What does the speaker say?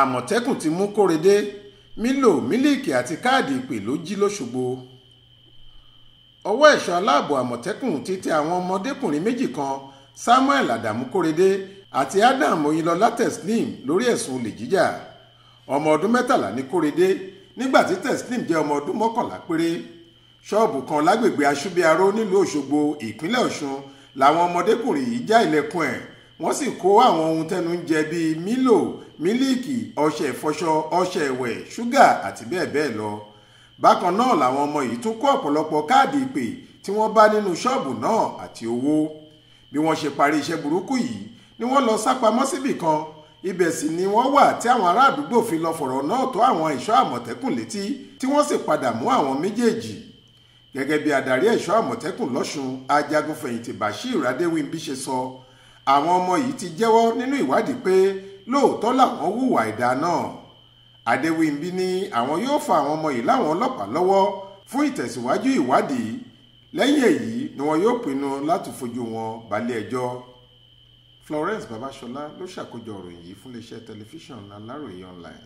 àmọ̀tẹ́kùn ti mú kórede mílò mílíìkì àti káàdì ìpè ló jí lọ́ṣogbo ọwọ́ ẹ̀ṣọ́ aláàbò àmọ̀tẹ́kùn ti tẹ àwọn ọmọdékùnrin méjì kan samuel adamu kórede àti adam oyinlọlá teslim lórí ẹ̀sùn olè jíjà ọmọ ọdún mẹ́tàlá ní kórede nígbà tí teslim jẹ́ ọmọ ọdún mọ́kànlá péré ṣọ́ọ̀bù kan lágbègbè aṣúbíaró nílùú òṣogbo ìpínlẹ̀ ọ̀ṣun làwọn ọmọdékùnrin yìí já ilẹ̀kùn ẹ̀ wọ́n sì kó àwọn ohun tẹnu ń jẹ bíi mílò mílíìkì ọṣẹ ìfọṣọ ọṣẹ ìwẹ̀ ṣúgà àti bẹ́ẹ̀ bẹ́ẹ̀ lọ bákan náà làwọn ọmọ yìí tún kó ọ̀pọ̀lọpọ̀ káàdì ìpè tí wọ́n bá nínú ṣọ́ọ̀bù náà àti owó bí wọ́n ṣe parí iṣẹ́ burúkú yìí ni wọ́n lọ sápamọ́ síbì kan ibẹ̀ sì ni wọ́n wà tí àwọn ará àdúgbò fi lọ fọ̀rọ̀ náà tó àwọn ẹ̀ṣọ́ àmọ̀tẹ́kùn létí tí wọ́n sì padà mú àwọn méjèèjì gẹ́gẹ́ bí adarí ẹ̀ṣọ́ àmọ̀tẹ́kùn lọ́sùn ajagun fẹ̀yìntì bashir adéwìnbí ṣe sọ àwọn ọmọ yìí ti jẹ́wọ́ nínú ìwádìí pé lóòótọ́ làwọn hùwà ìdá náà adéwìnbí ni àwọn yóò fa àwọn ọmọ yìí láwọn ọlọ́pàá lọ́wọ́ fún ìtẹ̀síwájú ìwádìí lẹ́yìn èyí ni wọn yóò pinnu láti fojú wọn balẹ̀-ẹjọ́ Florence Babasola ló ṣàkójọ ọ̀rọ̀ yìí fún iléeṣẹ́ tẹlifíṣàn Aláròye online